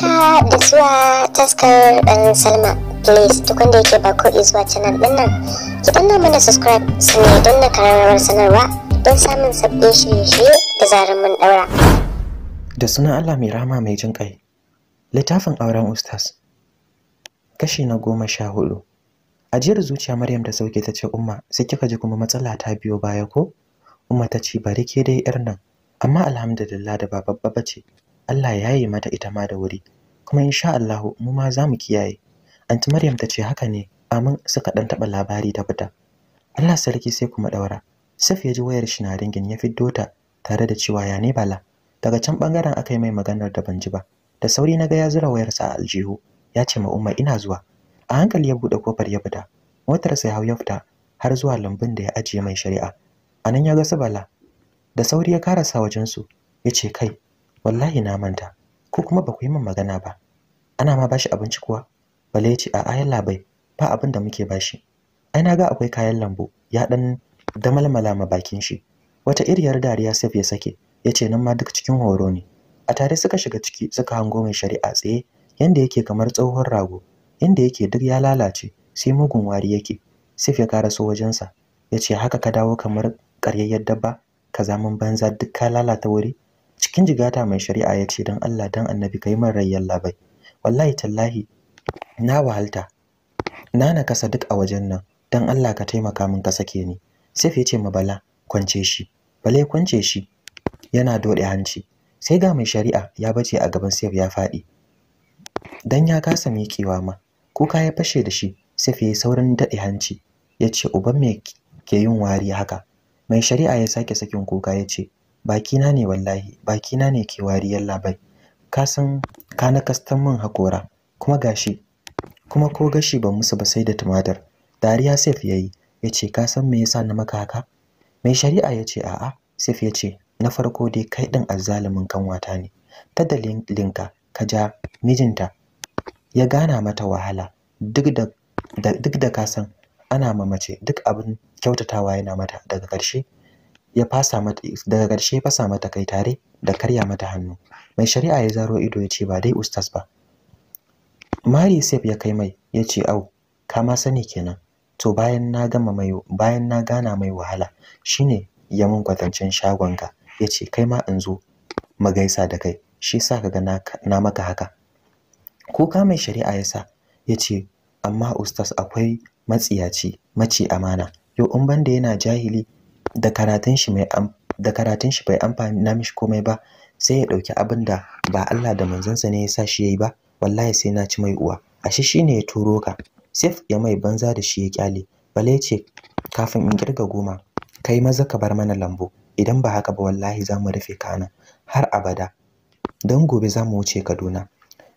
haka da zuwa taskar dan salma please duk wanda yake ba ko zuwa canal din nan ki danna mana subscribe su ne don na kararrawar sanarwa don samun sabbin shirye-shirye da zarar mun daura da sunan allah mai rama mai jin kai littafin auren ustaz kashi na goma sha hudu ajiyar zuciya maryam da sauke ta ce umma sai kika ji kuma matsala ta biyo baya ko umma ta ce bari ke dai yar nan amma alhamdulillah da ba babba ba ce Allah ya yi mata ita ma da wuri kuma insha Allahu mu ma za mu kiyaye anti Maryam ta ce haka ne amin suka dan taba labari ta fita Allah sarki sai kuma daura Saf ya ji wayar shi na ringin ya fiddo ta tare da cewa ya ne bala daga can bangaren aka yi mai maganar da ban ji ba da sauri na ga ya zura wayarsa a aljihu ya ce ma umma ina zuwa a hankali ya bude kofar ya fita motar sai hau ya fita har zuwa lambun da ya ajiye mai shari'a a nan ya ga su bala da sauri ya karasa wajensu ya ce kai wallahi na manta ko kuma ba ku yi min magana ba ana ma bashi abinci kuwa bale ya ce a ayan labai ba abin da muke bashi ai na ga akwai kayan lambu ya dan damalmala ma bakin shi wata iriyar dariya sif ya sake ya ce nan ma duk cikin horo ne a tare suka shiga ciki suka hango mai shari'a tsaye yanda yake kamar tsohon rago inda yake duk ya lalace sai mugun wari yake sif ya karaso wajensa ya ce haka ka dawo kamar karyayyar dabba ka zaman banza duk ka lalata wuri cikin jigata mai shari'a ya ce don allah don annabi ka yi min rayyar labai wallahi tallahi na wahalta na nakasa duk a wajen nan dan Allah ka taimaka min ka sake ni sai ya ce ma bala kwance shi bale kwance shi yana dode hanci sai ga mai shari'a ya bace a gaban Saif ya faɗi dan ya kasa miƙewa ma kuka ya fashe da shi Saif ya saurin dade hanci yace uban me ke yin wari haka mai shari'a ya sake sakin kuka yace ce bakina ne wallahi bakina ne ke wariyar labai ka san ka kastan min hakora kuma gashi kuma ko gashi ban musu ba sai da tumatir dariya saif yayi yace ka san me yasa na maka haka mai shari'a yace a'a saif yace na farko dai kai din azzalumin kanwata ne ta dalilinka ka ja mijinta ya gana mata wahala duk da duk da ka san ana mamace duk abin kyautatawa yana mata daga ƙarshe ya fasa mata daga ƙarshe ya fasa mata kai tare da karya mata hannu mai shari'a ya zaro ido ya ce ba dai ustaz ba mari sef ya kai mai ya ce au ka ma sani kenan to bayan na gama mai bayan na gana mai wahala shine ya mun shagon shagonka ya ce kai ma in zo mu gaisa da kai shi sa kaga na, na maka haka kuka mai shari'a ya sa ya ce amma ustaz akwai matsiyaci mace amana Yau in banda yana jahili da karatun shi mai da bai amfani na mishi komai ba sai ya dauki abin da ba Allah da manzansa ne ya sa shi yayi ba wallahi sai na ci mai uwa ashe shine ya turo ka sif ya mai banza da shi ya kyale bale ce kafin in kirga goma kai maza ka bar mana lambu idan ba haka ba wallahi za mu rufe kana har abada don gobe za mu wuce Kaduna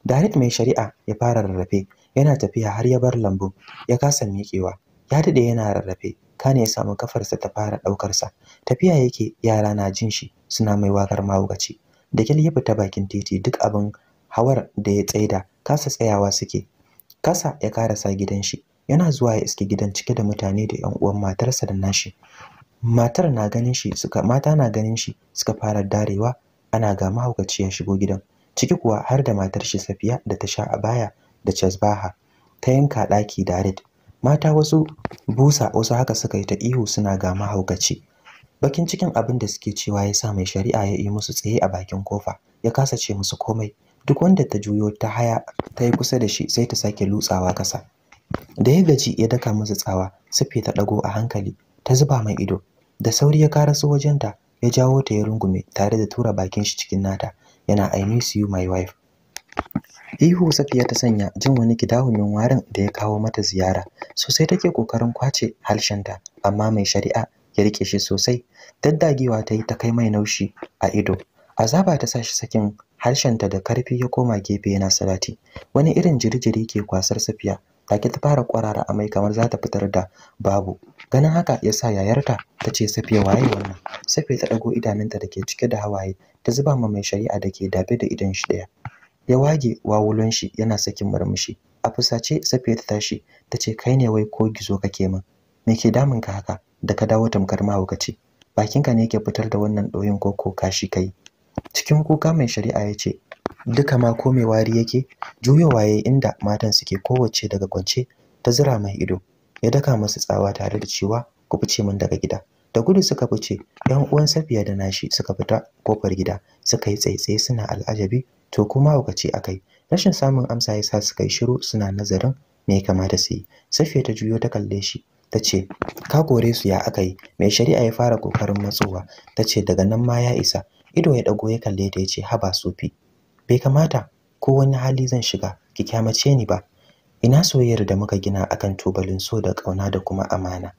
Darit mai shari'a ya fara rarrafe yana tafiya har ya bar lambu ya kasa miƙewa ya dade yana rarrafe kane ya samu kafarsa ta fara ɗaukarsa. tafiya yake yara na jin shi suna mai wakar mahaukaci da kyal ya fita bakin titi duk abin hawar da ya tsaida kasa tsayawa suke kasa ya karasa gidan shi yana zuwa ya iske gidan cike da mutane da yan uwan matarsa da nashi matar na ganin shi suka mata na ganin shi suka fara darewa ana ga mahaukaci ya shigo gidan ciki kuwa har da matar shi Safiya da ta sha a baya da Chazbaha ta yanka ɗaki da mata wasu busa wasu haka suka yi ta ihu suna ga mahaukaci bakin cikin abin da suke cewa ya sa mai shari'a ya yi musu tsaye a bakin kofa ya kasa ce musu komai duk wanda ta juyo ta haya ta yi kusa da shi sai ta sake lutsawa kasa da ya gaji ya daka musu tsawa sufe ta dago a hankali ta zuba mai ido da sauri ya wajen wajenta ya jawo ta ya rungume tare da tura bakin shi cikin nata yana I miss you my wife Ihu Safiya ta sanya jin wani kidahumin warin da ya kawo mata ziyara. Sosai take kokarin kwace halshenta, amma mai shari'a ya rike shi sosai. Daddagewa ta yi ta kai mai naushi a ido. Azaba ta sa shi sakin harshenta da karfi ya koma gefe yana salati. Wani irin jirjiri ke kwasar Safiya, ta take ta fara kwarara amai kamar za ta fitar da babu. Ganin haka ya sa yayarta ta ce Safiya waye wannan? Safiya ta ɗago idanunta da ke cike da hawaye ta zuba ma mai shari'a da ke dabe da idon shi ɗaya. ya wage wawulon shi yana sakin murmushi a fusace safiya ta tashi ta ce kai ne wai ko gizo kake min me ke damun ka haka da ka dawo tamkar mahaukaci bakinka ne yake fitar da wannan ɗoyin koko kashi kai cikin kuka mai shari'a ya ce duka ma ko mai wari yake juyowa waye inda matan suke kowace daga kwance ta zira mai ido ya daka masa tsawa tare da cewa ku fice min daga gida da gudu suka fice yan uwan safiya da nashi suka fita kofar gida suka yi tsaitsaye suna al'ajabi to kuma a akai rashin samun amsa yasa suka yi shiru suna nazarin me ya kamata su yi safiya ta juyo ta kalle shi tace ka kore su ya akai yi mai shari'a ya fara kokarin matsowa tace daga nan ma ya isa ido ya dago ya kalle ta ya ce haba sofi bai kamata ko wani hali zan shiga ki kyamace ni ba ina soyayyar da muka gina akan tubalin so da kauna da kuma amana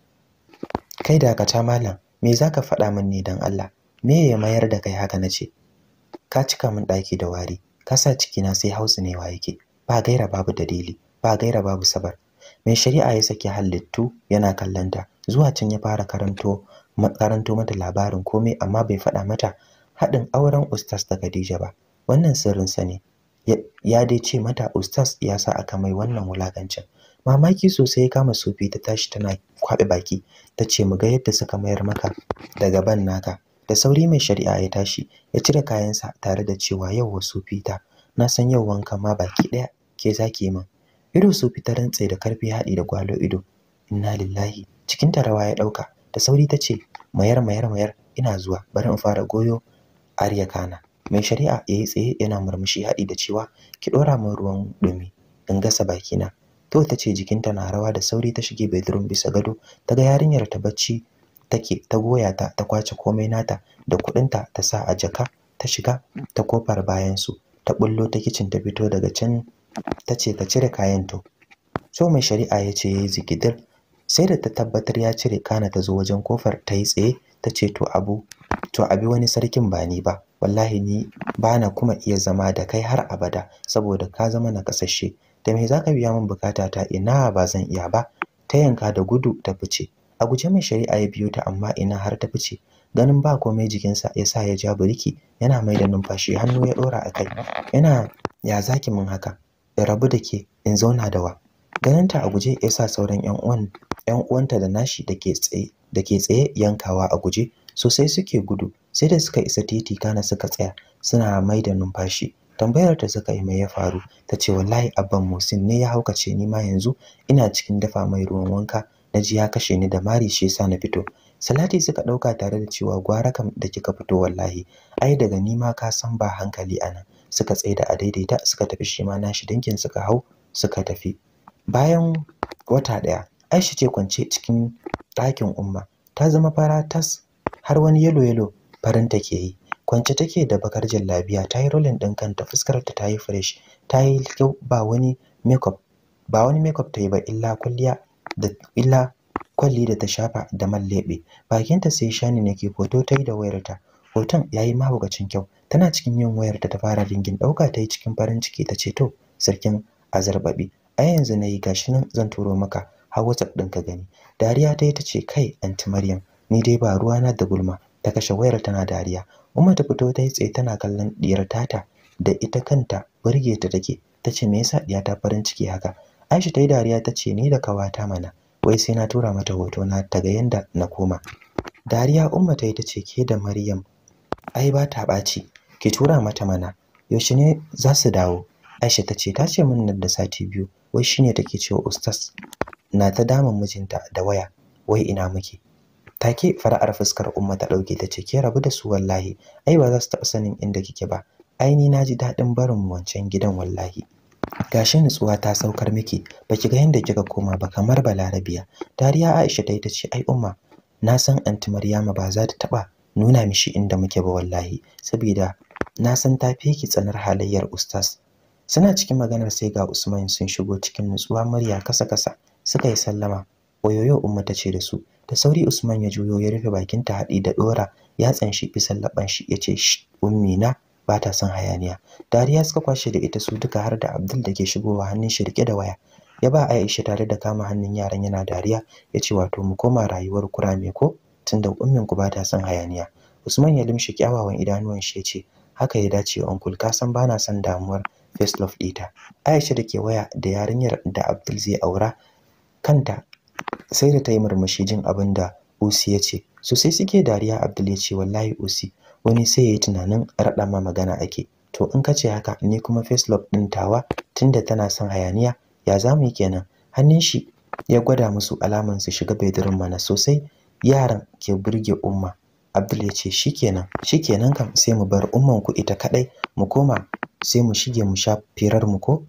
kai dakata malam me zaka faɗa min ne dan Allah me ya mayar da kai haka nace ka cika min ɗaki da wari ka sa cikina sai Hausa hautsinewa yake ba gaira babu dalili ba gaira babu sabar mai shari'a ya saki halittu yana kallanta zuwa can ya fara karanto karanto mata labarin komai amma bai faɗa mata haɗin auren ustas da Khadija ba wannan sirrin sa ne ya dai ce mata ustas ya sa aka mai wannan wulakancin mamaki sosai ya kama Sufi ta tashi tana kwaɓe baki ta ce mu ga yadda suka mayar maka daga ban naka da sauri mai shari'a ya tashi ya cire kayansa tare da cewa yau wasu fita na san yau wanka ma baki daya ke zaki min ido su fita da karfi haɗi da gwalo ido inna lillahi cikin rawa ya dauka da sauri ta ce mayar mayar mayar ina zuwa bari in fara goyo arya kana mai shari'a ya yi tsaye yana murmushi haɗi da cewa ki dora min ruwan dumi in gasa bakina to ta ce jikinta na rawa da sauri ta shige bedroom bisa gado ta ga yarinyar ta bacci take ta goya ta ta kwace komai nata da kuɗinta ta sa a jaka ta shiga ta kofar bayan su ta bullo ta kicin ta fito daga can ta ce ta cire kayan to so mai shari'a ya ce yayi zikidir sai da ta tabbatar ya cire kana ta zo wajen kofar ta yi tsaye ta ce to abu to abi wani sarkin ba ni ba wallahi ni ba na kuma iya zama da kai har abada saboda ka zama na kasashe da me zaka biya min bukata ta ina ba zan iya ba ta yanka da gudu ta fice a guje mai shari'a ya biyo ta amma ina har ta fice ganin ba komai jikinsa ya sa ya ja biriki yana mai da numfashi hannu ya ɗora a kai yana ya zaki min haka in rabu da ke in zauna da wa ganinta a guje ya sa sauran yan uwanta da nashi da ke tsaye da ke tsaye yankawa a guje sosai suke gudu sai da suka isa titi kana suka tsaya suna mai da numfashi tambayar ta suka yi mai ya faru ta ce wallahi abban musin ne ya haukace ni ma yanzu ina cikin dafa mai ruwan wanka na ji ya kashe ni da mari shi yasa na fito salati suka dauka tare da cewa gwara kam da kika fito wallahi ai daga nima ka san ba hankali ana." suka tsaida a daidaita suka tafi shi ma nashi dinkin suka hau suka tafi bayan wata daya Aisha ce kwance cikin ɗakin umma ta zama fara tas har wani yelo yelo farin take yi kwance take da bakar jallabiya ta yi rolling ɗin kanta fuskar ta ta yi fresh ta yi ba wani makeup ba wani makeup ta yi ba illa kulliya da illa kwalli da ta shafa da man leɓe bakinta sai shani ne ke foto ta yi da wayarta hoton ya yi mahaukacin kyau tana cikin yin wayarta ta fara ringin ɗauka ta yi cikin farin ciki ta ce to sarkin azarbaɓi a yanzu na yi gashi nan zan turo maka har whatsapp ɗin ka gani dariya ta yi ta ce kai anti maryam ni dai ba ruwa na da gulma ta kashe wayar tana dariya umma ta fito ta yi tsaye tana kallon diyar tata da ita kanta burge ta take ta ce me yasa diya ta farin ciki haka Aisha ta yi dariya ta ce ni da kawata mana wai sai na tura mata hoto na ta ga yanda na koma. Dariya Umma ta yi ta ce ke da Maryam ai ba ta ɓaci ki tura mata mana yaushe ne za su dawo Aisha ta ce ta ce min nan da sati biyu wai shine take cewa ustaz na ta damun mijinta da waya wai ina muke take fara'ar fuskar umma ta ɗauke ta ce ke rabu da su wallahi ai ba za su taɓa sanin inda kike ba Aini na naji daɗin barin wancan gidan wallahi gashi nutsuwa ta saukar miki baki ga yanda kika koma ba kamar balarabiya dariya Aisha dai tace ai umma na san anti Maryama ba za ta taba nuna mishi inda muke ba wallahi saboda na san ta fi tsanar halayyar ustaz suna cikin maganar sai ga Usman sun shigo cikin nutsuwa murya kasa kasa suka yi sallama oyoyo umma tace da su da sauri Usman ya juyo ya rufe bakinta haɗi da dora ya tsanshi bisan laban shi yace ummi na ba ta son hayaniya dariya suka kwashe da ita su duka har da abdul da ke shigowa hannun shi rike da waya ya ba aisha tare da kama hannun yaran yana dariya ya ce wato mu koma rayuwar kurame ko tunda ummin ku ba ta son hayaniya usman ya limshi kyawawan idanuwan shi ya ce haka ya dace uncle ka san bana son damuwar face love ɗita aisha da ke waya da yarinyar da abdul zai aura kanta sai da ta yi murmushi jin abin da usi ya ce so suke dariya abdul ya ce wallahi usi wani sai ya yi tunanin raɗa ma magana ake to in ka ce haka ni kuma face love ɗin tawa tunda tana son hayaniya ya za mu yi kenan hannun shi ya gwada musu alaman su shiga bedroom mana sosai yaran ke burge umma abdul ya ce shikenan shikenan kam sai mu bar umman ku ita kadai mu koma sai mu shige mu sha firar mu ko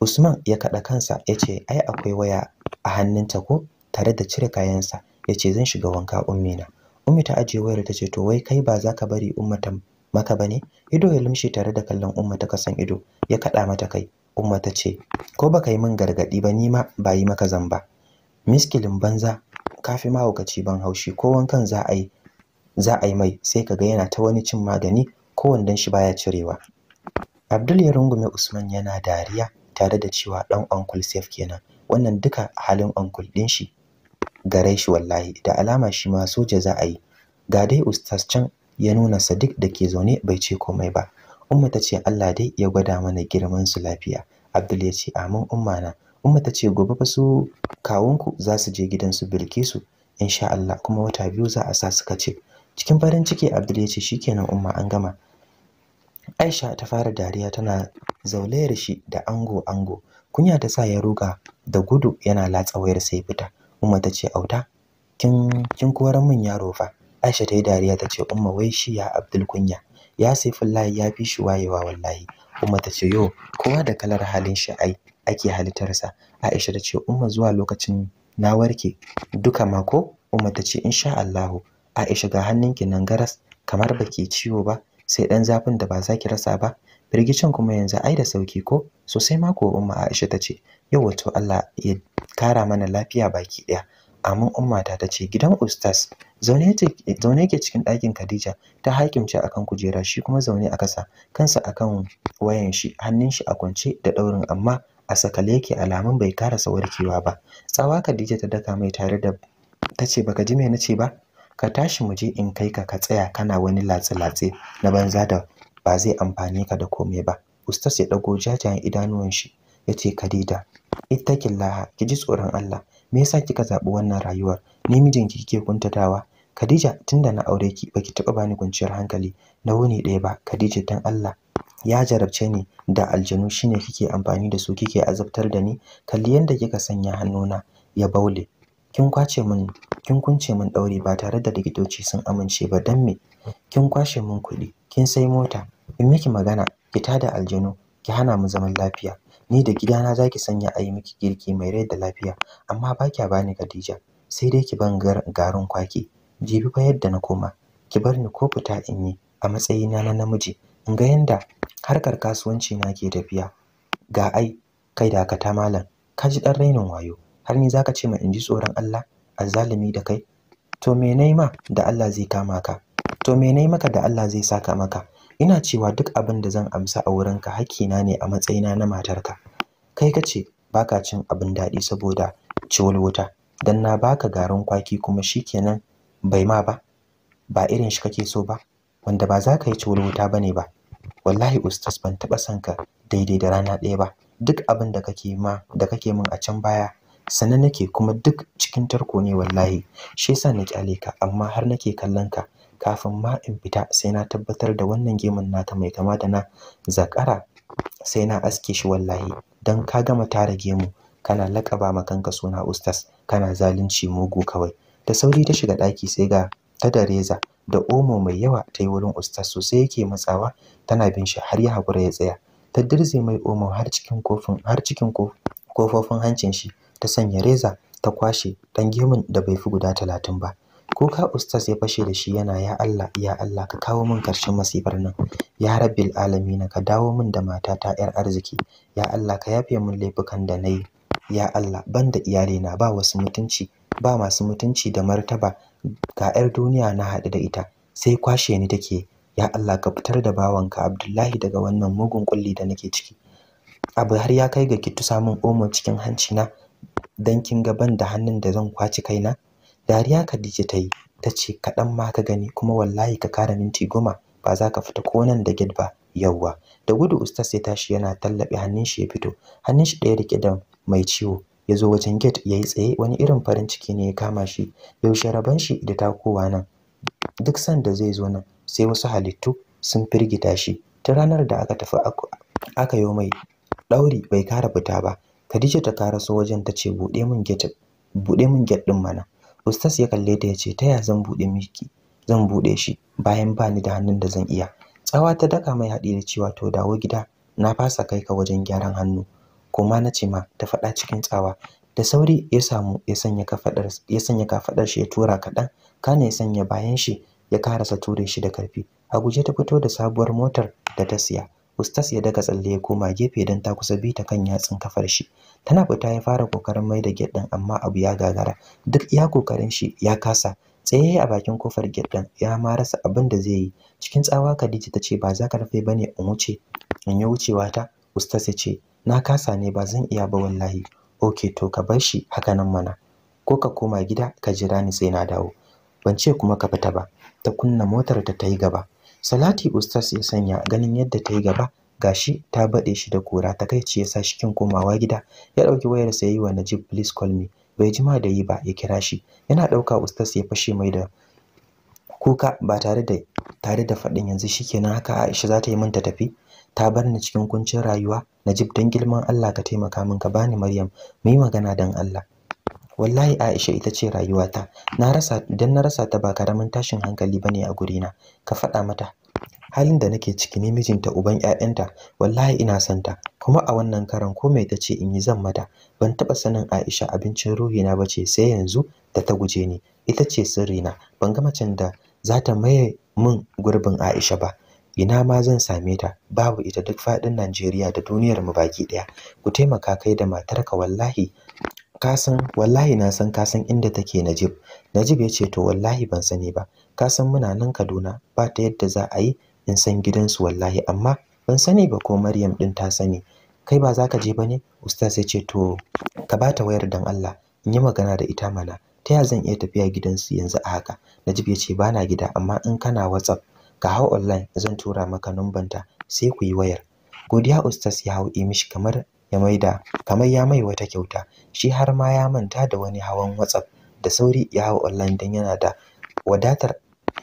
usman ya kaɗa kansa ya ce ai akwai waya a hannunta ko tare da cire kayansa ya ce zan shiga wanka ummina Ummi ta ajiye wayar ta ce to wai kai ba za ka bari ummata maka maka bane? Ido ya lumshe tare da kallon ummata kasan ido ya kada mata kai. Umma ta ce ko baka yi min gargadi ba nima ma ba yi maka zamba. Miskilin banza kafi mahaukaci ban haushi ko wankan za a yi za a yi mai sai ka ga yana ta wani cin magani ko wandan shi baya cirewa. Abdul ya rungume Usman yana dariya tare da cewa dan uncle Safe kenan. Wannan duka halin uncle din shi gare shi wallahi da alama shi ma soja za a yi ga dai ustaz can ya nuna sadiq da ke zaune bai ce komai ba umma ta ce allah dai ya gwada mana girman su lafiya abdul ya ce amin umma na umma ta ce gobe fa su kawunku za su je gidan su gidansu bilkisu insha allah kuma wata biyu za a sa suka ce cikin farin ciki abdul ya ce shikenan umma an gama aisha ta fara dariya tana zaulayar shi da ango ango kunya ta sa ya ruga da gudu yana latsa wayar sai fita Umma ta ce auta kin kin koran min yaro fa Aisha ta yi dariya ta ce Umma wai shi ya Abdul kunya ya layi ya fi shi wayewa wallahi Umma ta ce yo kowa da kalar halin shi ai ake halittarsa Aisha ta ce Umma zuwa lokacin na warke duka ma ko Umma ta ce insha Allahu Aisha ga hannunki nan garas kamar baki ciwo ba sai dan zafin da ba za ki rasa ba Rigicin kuma yanzu ai da sauki ko? Sosai mako Umma Aisha tace yau wato Allah ya kara mana lafiya baki ɗaya. Amin Umma ta tace gidan Ustaz zaune yake cikin ɗakin Khadija ta hakimce akan kujera shi kuma zaune a kasa kansa akan wayan shi hannun shi a kwance da ɗaurin amma a sakale yake alamun bai karasa warkewa ba tsawa Khadija ta daka mai tare da tace baka ji me nace ba ka tashi mu je in kai ka ka tsaya kana wani latse latse na banza da ba zai amfane ka da komai ba ustas ya dago jajayen idanuwan shi yace kadida killaha! ki ji tsoron Allah me yasa kika zaɓi wannan rayuwar ni mijinki kike kuntatawa Khadija tunda na aure ki baki taɓa bani kwanciyar hankali na wuni ɗaya ba Khadija dan Allah ya jarabce ni da aljanu shine kike amfani da su kike azabtar da ni kalli yanda kika sanya hannuna ya baule kin kwace min kin kunce min daure ba tare da likitoci sun amince ba dan me kin kwashe min kuɗi kin sai mota in miki magana ki tada aljanu ki hana mu zaman lafiya ni da gidana zaki sanya a yi miki girki mai rai da lafiya amma ba kya bani Khadija sai dai ki ban garin kwaki jibi fa yadda na koma ki bar ni ko fita in yi a matsayina na namiji in ga yanda harkar kasuwanci na ke tafiya ga ai kai da ta malam ka ji dan rainin wayo har ni zaka ce ma in ji tsoron Allah azzalimi da kai to me nayi ma da Allah zai kama ka to me nayi maka da Allah zai saka maka ina cewa duk abin da zan amsa a wurinka hakkina ne a matsayina na matarka kai ka ce baka cin abin daɗi saboda ciwon wuta dan na baka garin kwaki kuma shi kenan bai ma ba ba irin shi kake so ba wanda ba za ka yi ciwon wuta ba ne ba wallahi Ustas ban taɓa son ka daidai da rana ɗaya ba duk abin da kake ma da kake min a can baya sannan nake kuma duk cikin tarko ne wallahi shi yasa na kyale ka amma har nake kallon ka kafin ma in fita sai na tabbatar da wannan gemun nata mai kama da na zakara sai na aske shi wallahi dan ka gama tara gemu kana lakaba ma kanka suna ustas kana zalunci mugu kawai da sauri ta shiga ɗaki sai ga ta da reza da omo mai yawa ta yi wurin ustas sosai yake matsawa tana bin shi har ya haƙura ya tsaya ta dirze mai omo har cikin kofin har cikin kofofin hancin shi ta sanya reza ta kwashe ɗan gemun da bai fi guda talatin ba kuka ustaz ya fashe da shi yana ya Allah ya Allah ka kawo min karshen masifar nan ya rabbil alamin ka dawo min da matata yar arziki ya Allah ka yafe min laifukan da nayi ya Allah banda iyalina ba wasu mutunci ba masu mutunci da martaba ga yar duniya na haɗu da ita sai kwashe ni take ya Allah ka fitar da bawanka Abdullahi daga wannan mugun kulli da nake ciki abu har ya kai ga ki tusa min omo cikin hanci na dan kin ga banda hannun da zan kwaci kaina dariya Khadija ta yi ta ce kaɗan ma ka gani kuma wallahi ka kara minti goma ba za ka fita ko nan da gid ba yauwa da gudu ustaz ya tashi yana tallabe hannun shi ya fito hannun shi ɗaya rike da mai ciwo ya zo wajen gate ya yi tsaye wani irin farin ciki ne ya kama shi yaushe rabon shi da takowa nan duk sanda zai zo nan sai wasu halittu sun firgita shi ta ranar da aka tafi aka yo mai ɗauri bai kara fita ba Khadija ta karaso wajen ta ce buɗe min gate buɗe min gate ɗin mana Ustas ya kalle ta ya ce ta ya zan buɗe miki zan buɗe shi bayan ba ni da hannun da zan iya. Tsawa ta daka mai haɗi da cewa to dawo gida na fasa kai ka wajen gyaran hannu. Koma na ce ma ta faɗa cikin tsawa da sauri ya samu ya sanya kafaɗar ya shi ya tura kaɗan kana ya sanya bayan shi ya karasa ture shi da karfi a guje ta fito da sabuwar motar da ta siya ustas ya daga tsalle ya koma gefe don ta kusa bi ta kan yatsun kafar shi tana fita ya fara kokarin mai da giddan amma abu ya gagara duk iya kokarin shi ya kasa tsaye a bakin kofar giddan ya ma rasa abin da zai yi cikin tsawa Khadija ta ce ba za ka rufe bane in wuce in ya wucewa ta ustas ya ce na kasa ne ba zan iya ba wallahi okay to ka bar shi haka nan mana ko ka koma gida ka jira ni sai na dawo ban ce kuma ka fita ba ta kunna motar ta ta yi gaba Salati Ustaz ya sanya ganin yadda ta yi gaba gashi ta bade shi da kura ta kai sa shi kin komawa gida ya dauki wayar sa yayi wa Najib please call me bai jima da yi ba ya kira shi yana dauka Ustaz ya fashe mai da kuka ba tare da tare da fadin yanzu shikenan haka Aisha za ta yi min ta tafi ta bar ni cikin kuncin rayuwa Najib dan girman Allah ka taimaka min ka bani Maryam mu yi magana dan Allah wallahi Aisha ita ce rayuwata na rasa idan na rasa ta ba karamin tashin hankali bane a na ka faɗa mata halin da nake ciki ne mijinta uban ƴaƴanta wallahi ina santa kuma a wannan karan mai ta ce in yi zan mata ban taba sanin Aisha abincin ruhina ba ce sai yanzu da ta guje ni ita ce sirri na ban ga macen da za ta maye min gurbin Aisha ba ina ma zan same ta babu ita duk faɗin Najeriya da duniyar mu baki ɗaya ku taimaka kai da matarka wallahi Kasan wallahi na san kasan inda take Najib Najib ya ce to wallahi ban sani ba kasan san muna nan Kaduna ba ta yadda za a yi in san gidansu wallahi amma ban sani ba ko Maryam din ta sani kai ba za ka je ba ne ustaz ya ce to ka ba ta wayar dan Allah in yi magana da ita mana ta ya zan iya tafiya gidansu yanzu a haka Najib ya ce na gida amma in kana WhatsApp ka hau online zan tura maka numbanta sai ku yi wayar godiya ustaz ya hau mishi kamar ya maida kamar ya mai wata kyauta shi har ma ya manta da wani hawan WhatsApp da sauri ya hau online don yana da wadatar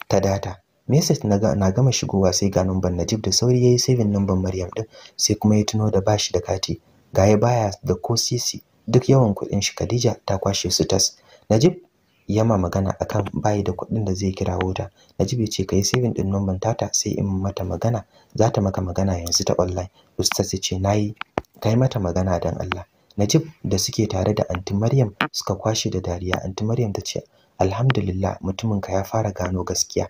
ta data message na gama shigowa sai ga numban Najib da sauri yayi saving numban Maryam din sai kuma ya tuno da bashi da kati Ga ya baya da ko sisi duk yawan kuɗin shi Khadija ta kwashe su tas Najib ma magana akan bayi da kuɗin da zai kira ta Najib ya ce ka yi saving din numban tata sai in mata magana za ta maka magana yanzu ta online ustaz ya ce nayi kai mata magana dan Allah Najib da suke tare da anti Maryam suka kwashe da dariya anti Maryam ta ce alhamdulillah mutumin ka ya fara gano gaskiya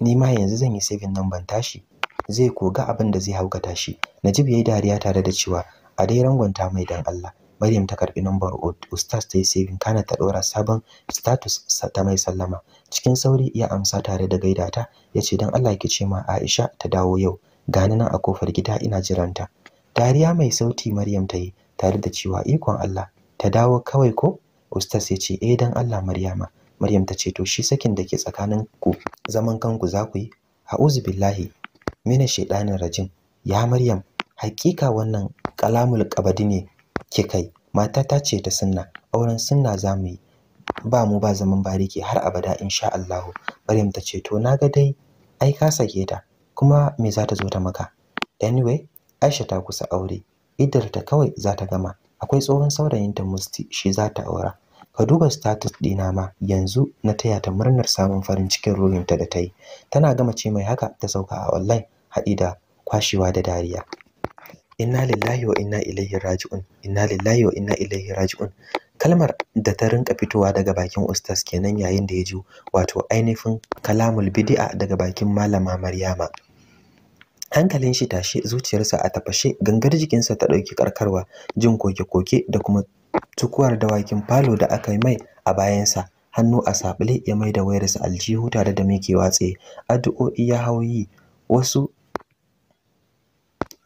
ni ma yanzu zan yi saving number tashi zai koga abin da zai hauka tashi. Najib yayi dariya tare da cewa a dai rangwanta mai dan Allah Maryam ta karbi number ustaz ta yi saving kana ta dora sabon status ta mai sallama cikin sauri ya amsa tare da gaida gaidata yace dan Allah ki ce ma Aisha ta dawo yau gani nan a kofar gida ina jiranta dariya mai sauti maryam ta yi tare da cewa ikon allah ta dawo kawai ko ustas ya ce eh dan allah maryama maryam ta ce to shi sakin da ke tsakanin ku zaman kanku za ku yi a'udhu billahi mina shaidanin rajim ya maryam hakika wannan kalamul kabadi ne ke mata matata ce ta sunna auren sunna za mu yi ba mu ba zaman bariki har abada insha Allah Maryam ta ce to naga dai ai ka sake ta kuma me za ta zo ta maka anyway Aisha ta kusa aure idar ta kawai za ta gama akwai tsohon saurayinta Musti shi za ta aura ka duba status ɗina ma yanzu na taya ta murnar samun farin cikin ruhinta da ta yi tana gama ce mai haka ta sauka a online haɗi da kwashewa da dariya inna lillahi wa inna ilaihi raji'un inna lillahi wa inna ilaihi raji'un kalmar da ta rinka fitowa daga bakin ustaz kenan yayin da ya ji wato ainihin kalamul bid'a daga bakin malama maryama hankalin shi tashe zuciyarsa a tafashe gangar jikinsa ta ɗauki karkarwa jin koke-koke da kuma tukuwar dawakin falo da aka yi mai a bayansa hannu a sabule ya mai da wayarsa aljihu tare da mike watse addu'o'i ya hauyi wasu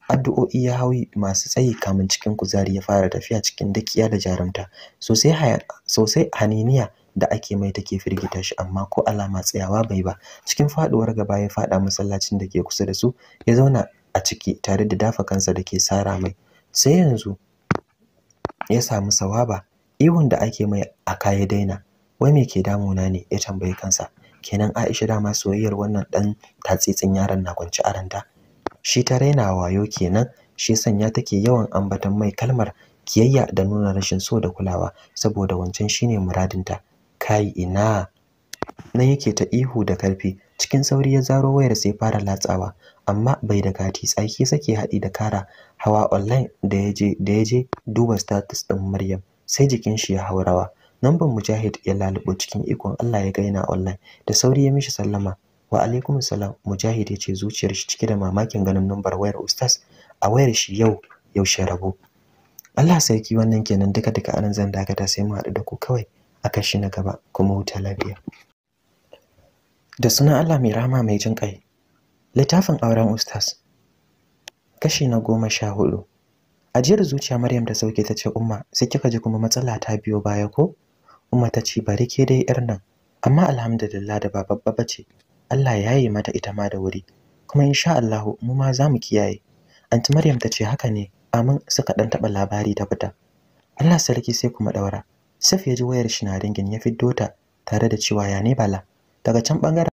addu'o'i ya hauyi masu tsayi kamun cikin kuzari ya fara tafiya cikin dakiya da jarumta sosai haniniya da ake mai take firgita shi amma ko alama tsayawa bai ba cikin faduwar gaba ya fada masallacin da ke kusa da su ya zauna a ciki tare da dafa kansa da ke sara mai sai yanzu ya samu sawaba ihun da ake mai a kaya daina wai me ke damuna ne ya tambayi kansa kenan Aisha dama soyayyar wannan dan tatsitsin yaron na kwanci ranta shi ta raina wayo kenan shi sanya take yawan ambatan mai kalmar kiyayya da nuna rashin so da kulawa saboda wancan shine muradinta kai ina nan yake ta ihu da karfi cikin sauri ya zaro wayar sai fara latsawa amma bai da kati tsaki sake haɗi da kara hawa online da ya da ya duba status ɗin Maryam sai jikin shi ya haurawa namban Mujahid ya lalubo cikin ikon Allah ya gaina online da sauri ya mishi sallama wa alaikum salam Mujahid ya ce zuciyar shi cike da mamakin ganin number wayar ustaz a wayar shi yau yaushe rabo Allah sarki wannan kenan duka duka anan zan dakata sai mu haɗu da ku kawai a kashi na gaba kuma wuta lafiya da sunan Allah mai rahama mai jin kai littafin auren ustaz kashi na goma sha hudu ajiyar zuciya Maryam da sauke ta ce umma sai kika ji kuma matsala ta biyo baya ko umma ta ce bari ke dai yar nan amma alhamdulillah da ba ce bace Allah ya yi mata ita ma da wuri kuma in sha Allah mu ma za mu kiyaye anti Maryam ta ce haka ne amin suka ɗan taɓa labari ta fita Allah sarki sai kuma ɗaura. Saf ya ji wayar shi na ringin ya fiddo ta tare da cewa ya ne Bala. Daga can bangaren